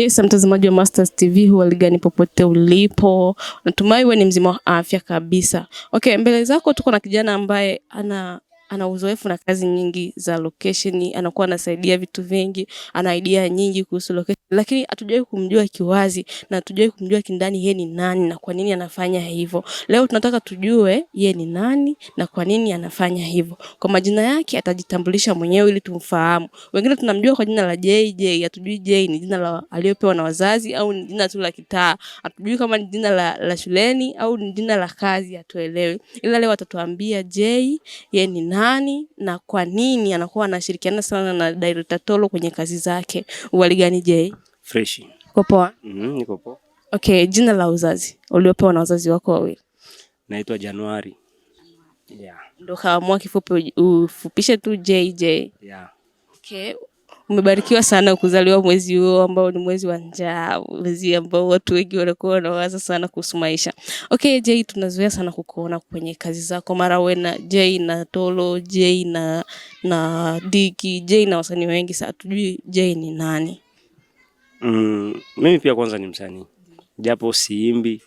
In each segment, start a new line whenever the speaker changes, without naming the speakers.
Yes, mtazamaji wa Masters TV, hualigani popote ulipo, natumai wewe ni mzima wa afya kabisa. Okay, mbele zako tuko na kijana ambaye ana ana uzoefu na kazi nyingi za location, anakuwa anasaidia vitu vingi, ana idea nyingi kuhusu location, lakini hatujawahi kumjua kiwazi na hatujawahi kumjua kindani yeye ni nani na kwa nini anafanya hivyo. Leo tunataka tujue yeye ni nani na kwa nini anafanya hivyo. Kwa majina yake atajitambulisha mwenyewe ili tumfahamu. Wengine tunamjua kwa jina la JJ, hatujui J ni jina la aliyopewa na wazazi au ni jina tu la kitaa. Hatujui kama ni jina la, la shuleni au ni jina la kazi, hatuelewi. Ila leo atatuambia J yeye ni nani nani na kwa nini anakuwa anashirikiana sana na director Tolo kwenye kazi zake? Uwaligani Jay? Fresh. Uko poa?
Mhm, niko poa.
Okay, jina la uzazi uliopewa na wazazi wako wawili?
Naitwa Januari.
Yeah. Ndio kaamua kifupi ufupishe tu JJ. Yeah. Okay, umebarikiwa sana kuzaliwa mwezi huo ambao ni mwezi wa njaa, mwezi ambao watu wengi walikuwa wanawaza sana kuhusu maisha. Okay, Jay, tunazoea sana kukuona kwenye kazi zako, mara we na Jay na Tolo, Jay na na Diki, Jay na wasanii wengi sana, tujui Jay ni nani?
Mm, mimi pia kwanza ni msanii japo siimbi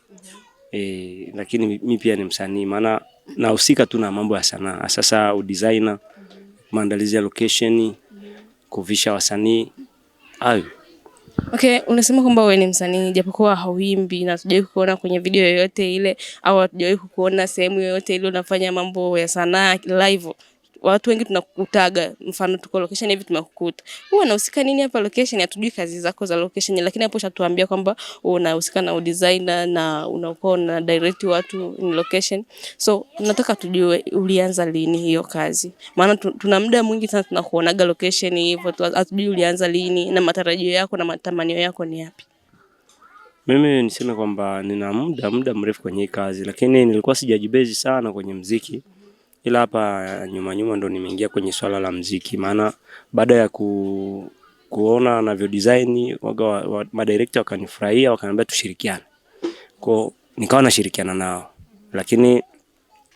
e, lakini mimi pia ni msanii, maana nahusika tu na mambo ya sanaa, sasa udesigner, maandalizi ya location kuvisha wasanii hayo.
Okay, unasema kwamba wewe ni msanii japokuwa hauimbi na hatujawahi kukuona kwenye video yoyote ile au hatujawahi kukuona sehemu yoyote ile unafanya mambo ya sanaa live watu wengi tunakutaga, mfano tuko location hivi tumekukuta, wewe unahusika nini hapa location? Hatujui kazi zako za location, lakini hapo shatuambia kwamba unahusika na udesigner na unakuwa una direct watu in location. So nataka tujue ulianza lini hiyo kazi, maana tuna muda mwingi sana tunakuonaga location hivyo, hatujui ulianza lini na matarajio yako na matamanio yako ni yapi?
Mimi niseme kwamba nina muda muda mrefu kwenye kazi, lakini nilikuwa sijajibezi sana kwenye mziki ila hapa nyuma nyuma ndo nimeingia kwenye swala la mziki, maana baada ya ku, kuona navyo design waga wa, wa, madirekta wakanifurahia wakaniambia tushirikiane, kwa nikawa nashirikiana nao, lakini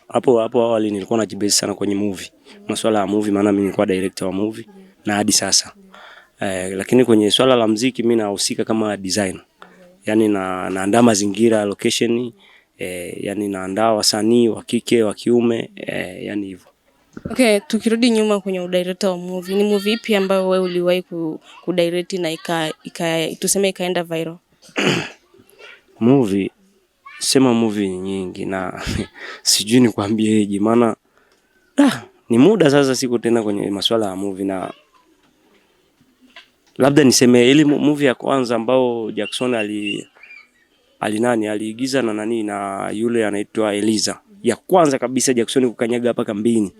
hapo hapo awali nilikuwa najibase sana kwenye movie, masuala ya movie, maana mimi nilikuwa director wa movie na hadi sasa eh, lakini kwenye swala la mziki mimi nahusika kama designer, yani na naandaa mazingira location e, yani naandaa wasanii wa kike wa kiume e, yani hivyo.
Okay, tukirudi nyuma kwenye udirector wa movie, ni movie ipi ambayo wewe uliwahi kudirect na ika, ika, tuseme ikaenda viral?
Movie sema movie nyingi na sijui nikwambieje, maana ah, ni muda sasa siko tena kwenye masuala ya movie na labda niseme ile movie ya kwanza ambao Jackson ali alinani aliigiza na nani na yule anaitwa Eliza, ya kwanza kabisa Jackson kukanyaga hapa kambini,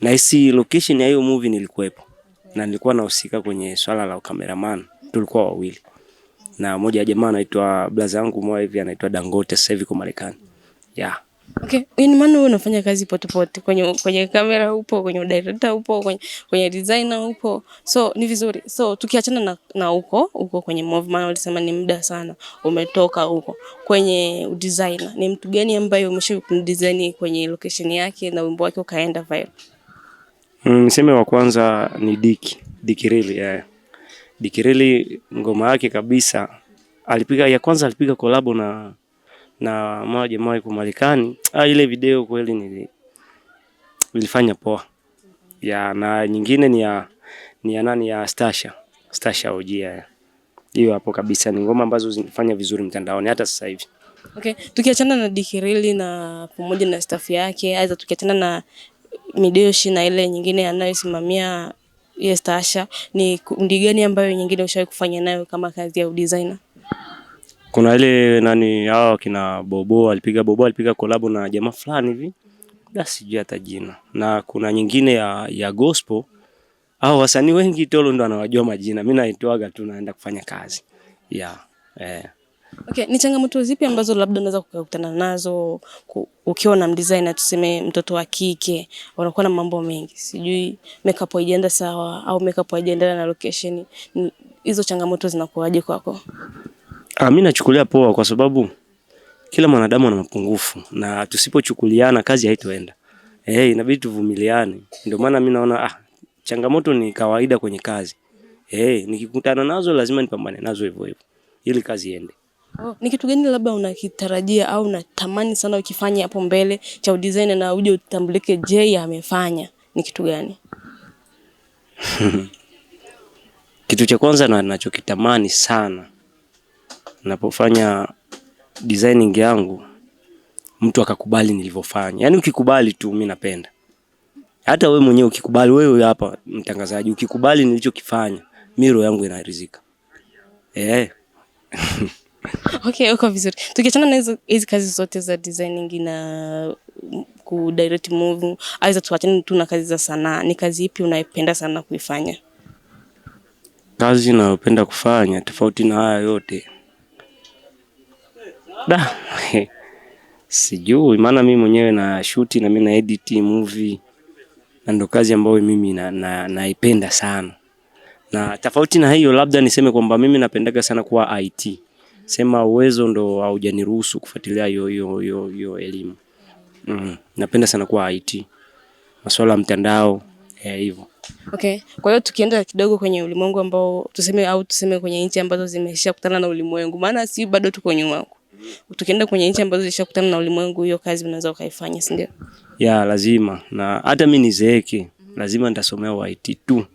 na hisi location ya hiyo movie nilikuwepo na nilikuwa nahusika kwenye swala la cameraman, tulikuwa wawili na moja ya jamaa anaitwa blaza yangu mwa hivi anaitwa Dangote, sasa hivi kwa Marekani yeah.
Okay, yaani maana wewe unafanya kazi pote pote, kwenye kwenye kamera upo, kwenye director upo, kwenye, kwenye designer upo, so ni vizuri. So tukiachana na, na huko huko kwenye movement, maana ulisema ni muda sana umetoka huko kwenye designer, ni mtu gani ambaye umesha kumdesign kwenye location yake na wimbo wake ukaenda viral?
Mm, sema wa kwanza ni Diki Diki Dikirili yeah. Diki Dikirili ngoma yake kabisa alipiga ya kwanza, alipiga kolabo na na mara jamaa yuko Marekani. Ah, ile video kweli nili ilifanya poa. Ya na nyingine ni ya ni ya nani ya Stasha. Stasha Ojia. Hiyo hapo kabisa ni ngoma ambazo zinafanya vizuri mtandaoni hata sasa hivi.
Okay, tukiachana na Dikirili na pamoja na staff yake, aidha tukiachana na Midoshi na ile nyingine anayosimamia Yes, Tasha, ni kundi gani ambayo nyingine ushawahi kufanya nayo kama kazi ya designer?
kuna ile nani hao kina Bobo alipiga Bobo alipiga kolabo na jamaa fulani hivi sijui hata jina, na kuna nyingine ya, ya gospel au wasanii wengi Tolo ndo anawajua majina, mimi naitoaga tu naenda kufanya kazi ya yeah. Eh.
Okay, ni changamoto zipi ambazo labda unaweza kukutana nazo ukiwa na mdesigner, tuseme mtoto wa kike, unakuwa na mambo mengi, sijui makeup haijaenda sawa au makeup haijaenda na location, hizo changamoto zinakuwaje kwako?
Mimi ah, nachukulia poa kwa sababu kila mwanadamu ana mapungufu na tusipochukuliana kazi haitoenda. Eh, inabidi tuvumiliane. Ndio maana mimi naona ah, changamoto ni kawaida kwenye kazi. Eh, nikikutana nazo lazima nipambane nazo hivyo hivyo ili kazi iende.
Oh, ni kitu gani labda unakitarajia au unatamani sana ukifanya hapo mbele cha udesign na uje utambulike, je, amefanya ni kitu gani?
Kitu cha kwanza na ninachokitamani sana napofanya designing yangu mtu akakubali nilivyofanya. Yaani ukikubali tu mimi napenda. Hata wewe mwenyewe ukikubali, wewe hapa mtangazaji, ukikubali nilichokifanya, miro yangu inaridhika. Eh.
Okay, uko vizuri. Tukiachana na hizo kazi zote za designing na ku direct movie, aidha tuachane tu na kazi za sanaa, ni kazi ipi unayopenda sana kuifanya?
Kazi ninayopenda kufanya tofauti na haya yote Da. Sijui maana mimi mwenyewe na shoot na mimi na edit movie na ndo kazi ambayo mimi naipenda na, na sana na tofauti na hiyo, labda niseme kwamba mimi napendaga sana kuwa IT, sema uwezo ndo haujaniruhusu kufuatilia hiyo hiyo hiyo elimu mm. Napenda sana kuwa IT, masuala ya mtandao hivyo
okay. Kwa hiyo tukienda kidogo kwenye ulimwengu ambao tuseme au tuseme kwenye nchi ambazo zimeshakutana na ulimwengu, maana si bado tuko nyuma huko tukienda kwenye nchi ambazo zishakutana na ulimwengu, hiyo kazi unaweza ukaifanya, si ndio?
Ya lazima, na hata mimi nizeeke, lazima nitasomea IT tu,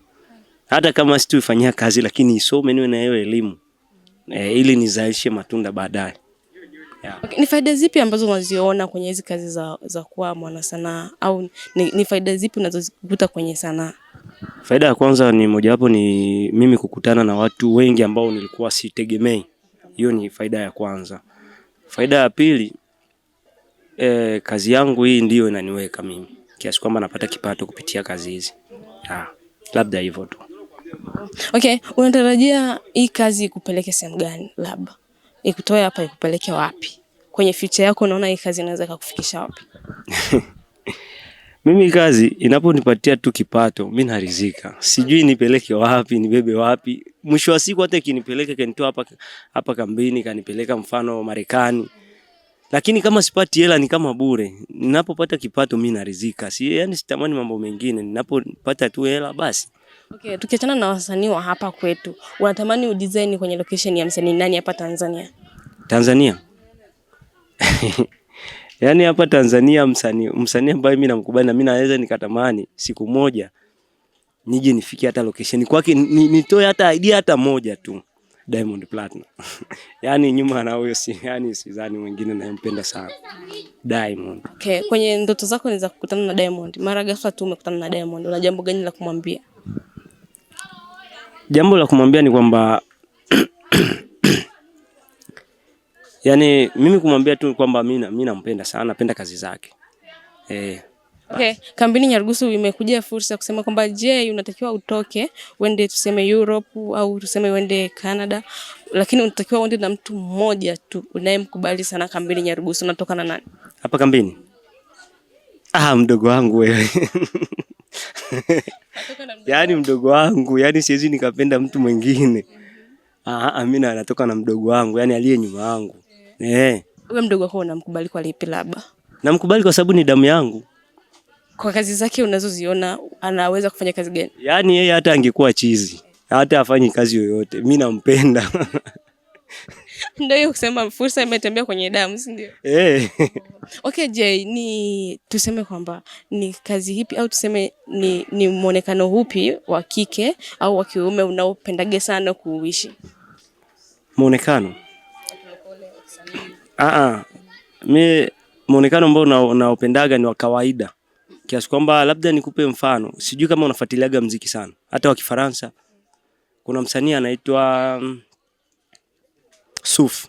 hata kama situifanyia kazi, lakini isome niwe na hiyo elimu e, ili nizalishe matunda baadaye.
Okay, ni faida zipi ambazo unaziona kwenye hizi kazi za, za kuwa mwanasanaa au ni, ni faida zipi unazozikuta kwenye sanaa?
Faida ya kwanza ni mojawapo ni mimi kukutana na watu wengi ambao nilikuwa sitegemei. Hiyo ni faida ya kwanza. Faida ya pili e, kazi yangu hii ndiyo inaniweka mimi kiasi kwamba napata kipato kupitia kazi hizi, ah, labda hivyo tu.
Okay, unatarajia hii kazi ikupeleke sehemu gani? Labda ikutoe hapa ikupeleke wapi? Kwenye future yako unaona hii kazi inaweza kukufikisha wapi?
Mimi kazi inaponipatia tu kipato, mi narizika Sijui nipeleke wapi, nibebe wapi. Mwisho wa siku hata ikinipeleka kanitoa hapa hapa kambini, kanipeleka mfano Marekani. Lakini kama sipati hela ni kama bure. Ninapopata kipato mi narizika, Si yani sitamani mambo mengine. Ninapopata tu hela basi.
Okay, tukiachana na wasanii wa hapa kwetu, unatamani udesign kwenye location ya msanii nani hapa Tanzania?
Tanzania. Yaani hapa Tanzania msanii msanii ambaye mimi namkubali na mimi naweza nikatamani siku moja nije nifike hata location kwake nitoe hata idea hata moja tu Diamond Platinum. Yaani nyuma na huyo si yani sidhani mwingine nayempenda sana. Diamond.
Okay, kwenye ndoto zako ni za kukutana na Diamond. Mara ghafla tu umekutana na Diamond. Una jambo gani la kumwambia?
Jambo la kumwambia ni kwamba Yaani mimi kumwambia tu kwamba mimi nampenda sana, napenda kazi zake
eh. Okay. Kambini Nyarugusu imekuja fursa kusema kwamba je, unatakiwa utoke uende tuseme Europe au tuseme uende Canada, lakini unatakiwa uende na mtu mmoja tu unayemkubali sana Kambini Nyarugusu, na nani
hapa kambini? Ah, mdogo wangu wewe yaani mdogo wangu, yaani siwezi nikapenda mtu mwingine. Ah, Amina ah, anatoka na mdogo wangu, yaani aliye nyuma yangu. Eh.
Wewe mdogo wako unamkubali kwa lipi labda?
Namkubali kwa sababu ni damu yangu.
Kwa kazi zake unazoziona anaweza kufanya kazi gani?
Yaani yeye hata angekuwa chizi, hata afanye kazi yoyote, mimi nampenda.
Ndio hiyo kusema fursa imetembea kwenye damu, si ndio?
Eh.
Okay, je, ni tuseme kwamba ni kazi hipi au tuseme ni, ni mwonekano upi wa kike au wa kiume unaopendage sana kuuishi?
Mwonekano Ah, ah, mi muonekano ambao naupendaga ni wa kawaida kiasi kwamba labda nikupe mfano, sijui kama unafuatiliaga mziki sana, hata wa Kifaransa. Kuna msanii anaitwa mm, Suf,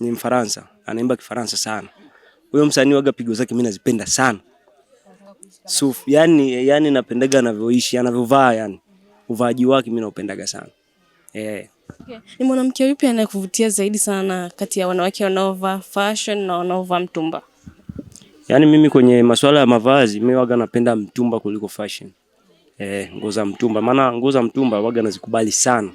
ni Mfaransa, anaimba Kifaransa sana. Huyo msanii waga pigo zake mimi nazipenda sana Suf, yani, yani napendaga anavyoishi, anavyovaa, yani uvaaji wake mimi naupendaga sana eh.
Ni mwanamke yupi anayekuvutia zaidi sana kati ya wanawake wanaovaa fashion na wanaovaa mtumba?
Yaani mimi kwenye masuala ya mavazi mimi waga napenda mtumba kuliko fashion. Eh, nguo za mtumba maana nguo za mtumba waga nazikubali sana.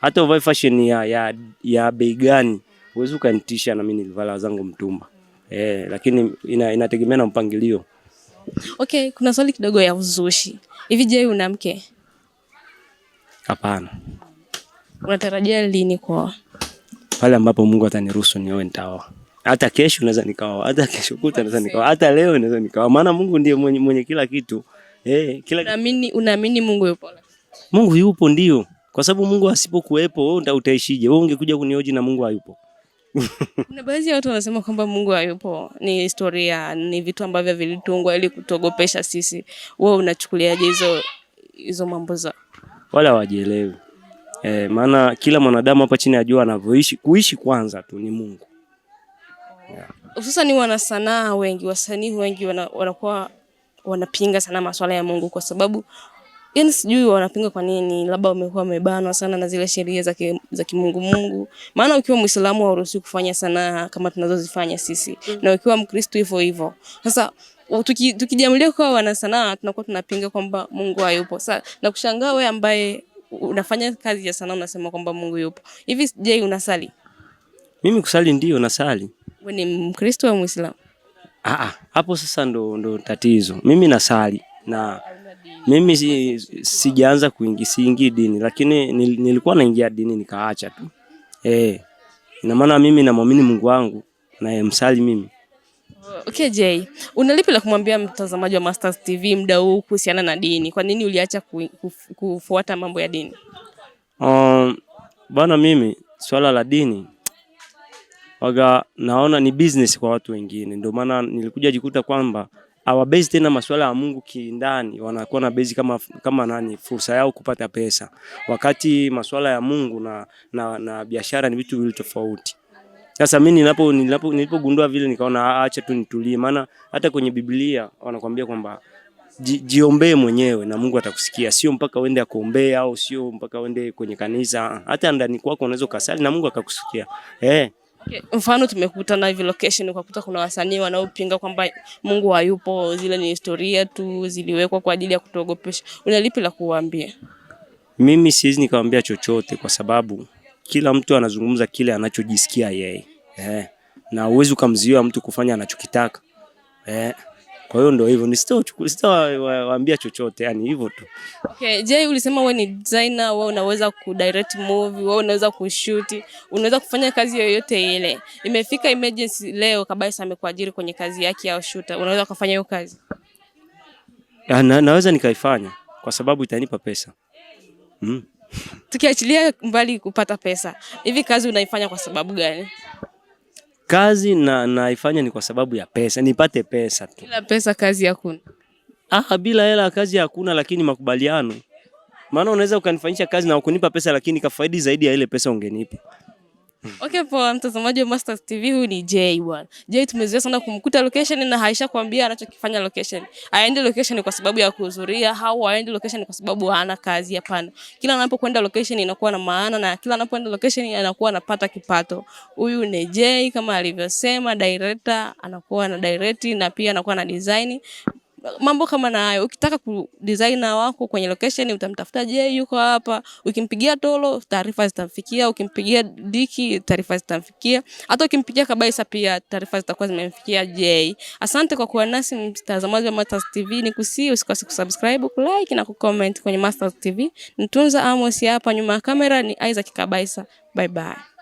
Hata uvae fashion ya ya, ya bei gani huwezi ukanitisha na mimi nilivala zangu mtumba. Eh, lakini ina, inategemea na mpangilio.
Okay, kuna swali kidogo ya uzushi. Hivi je, una mke? Hapana. Unatarajia lini kuoa?
Pale ambapo Mungu ataniruhusu nioe nitaoa. Hata kesho naweza nikaoa, hata kesho kuta naweza nikaoa, hata leo naweza nikaoa. Maana Mungu ndiye mwenye, mwenye kila kitu. Eh, kila
Unaamini unaamini Mungu yupo?
Mungu yupo ndio. Kwa sababu Mungu asipokuwepo wewe utaishije? Wewe ungekuja kunioji na Mungu hayupo.
Kuna baadhi ya watu wanasema kwamba Mungu hayupo, ni historia, ni vitu ambavyo vilitungwa ili kutogopesha sisi. Wewe unachukuliaje hizo hizo mambo za?
Wala wajielewi. E, maana kila mwanadamu hapa chini ajua anavyoishi kuishi kwanza tu ni Mungu.
Hususani yeah. Wanasanaa wengi wasanii wengi wanakuwa wana wanapinga sana masuala ya Mungu kwa sababu yani sijui wanapinga kwa nini, labda wamekuwa wamebanwa sana na zile sheria za za kimungu Mungu. Maana ukiwa Muislamu hauruhusiwi kufanya sanaa kama tunazozifanya sisi mm. na ukiwa Mkristo hivyo hivyo. Sasa tukijamlia tuki kwa wanasanaa tunakuwa tunapinga kwamba Mungu hayupo. Sasa nakushangaa wewe ambaye unafanya kazi ya sanaa unasema kwamba Mungu yupo. Hivi je, unasali?
Mimi kusali ndio nasali.
Wewe ni Mkristo au Muislamu?
Ah, ah, hapo sasa ndo, ndo tatizo. Mimi nasali na mimi si, sijaanza kuingi siingi dini lakini nilikuwa naingia dini nikaacha tu. Eh. Ina maana mimi namwamini Mungu wangu na msali mimi
Okay, Jay, unalipi la kumwambia mtazamaji wa Mastaz TV muda huu kuhusiana na dini? Kwa nini uliacha kufuata mambo ya dini?
Um, bana mimi swala la dini waga naona ni business kwa watu wengine, ndio maana nilikuja jikuta kwamba hawabezi tena masuala ya Mungu kindani, wanakuwa na bezi kama, kama nani fursa yao kupata pesa, wakati masuala ya Mungu na, na, na biashara ni vitu viwili tofauti. Sasa mimi ninapo nilipogundua vile nikaona ah, acha tu nitulie, maana hata kwenye Biblia wanakuambia kwamba jiombee mwenyewe na Mungu atakusikia, sio mpaka uende akuombea au sio mpaka uende kwenye kanisa. Hata ndani kwako unaweza ukasali na Mungu akakusikia eh.
Okay. Mfano tumekutana hivi location ukakuta kuna wasanii wanaopinga kwamba Mungu hayupo, zile ni historia tu ziliwekwa kwa ajili ya kutuogopesha. Una lipi la kuwaambia?
Mimi siwezi nikawambia chochote kwa sababu kila mtu anazungumza kile anachojisikia yeye eh, na uwezi ukamzuia mtu kufanya anachokitaka eh. Kwa hiyo ndio hivyo, nisitawaambia chochote, yani hivyo tu.
Okay, je, ulisema wewe ni designer, wewe unaweza kudirect movie, wewe unaweza kushoot, unaweza kufanya kazi yoyote ile. Imefika emergency leo kabisa, amekuajiri kwenye kazi yake ya shooter, unaweza kufanya hiyo kazi?
Ah, na, naweza nikaifanya kwa sababu itanipa pesa
mm tukiachilia mbali kupata pesa, hivi kazi unaifanya kwa sababu gani?
Kazi na naifanya ni kwa sababu ya pesa, nipate pesa tu.
Bila pesa kazi hakuna.
Ah, bila hela kazi hakuna, lakini makubaliano. Maana unaweza ukanifanyisha kazi na ukunipa pesa, lakini kafaidi zaidi ya ile pesa ungenipa.
Okay, poa mtazamaji wa Mastaz TV, huyu ni Jay bwana. Jay tumezoea sana kumkuta location na Aisha kwambia anachokifanya location. Aende location kwa sababu ya kuhudhuria au aende location kwa sababu hana kazi, hapana. Kila anapokwenda location inakuwa na maana na kila anapoenda location anakuwa anapata kipato. Huyu ni Jay kama alivyosema director, anakuwa na direct na pia anakuwa na design mambo kama na hayo. Ukitaka ku designer wako kwenye location utamtafuta, je, yuko hapa. Ukimpigia Tolo taarifa zitamfikia, ukimpigia Diki taarifa zitamfikia, hata ukimpigia Kabaisa pia taarifa zitakuwa zimemfikia je. Asante kwa kuwa nasi mtazamaji wa Masters TV, ni kusi usikose kusubscribe, kulike na kucomment kwenye Masters TV. Nitunza Amos hapa, nyuma ya kamera ni Isaac Kabaisa. Bye bye.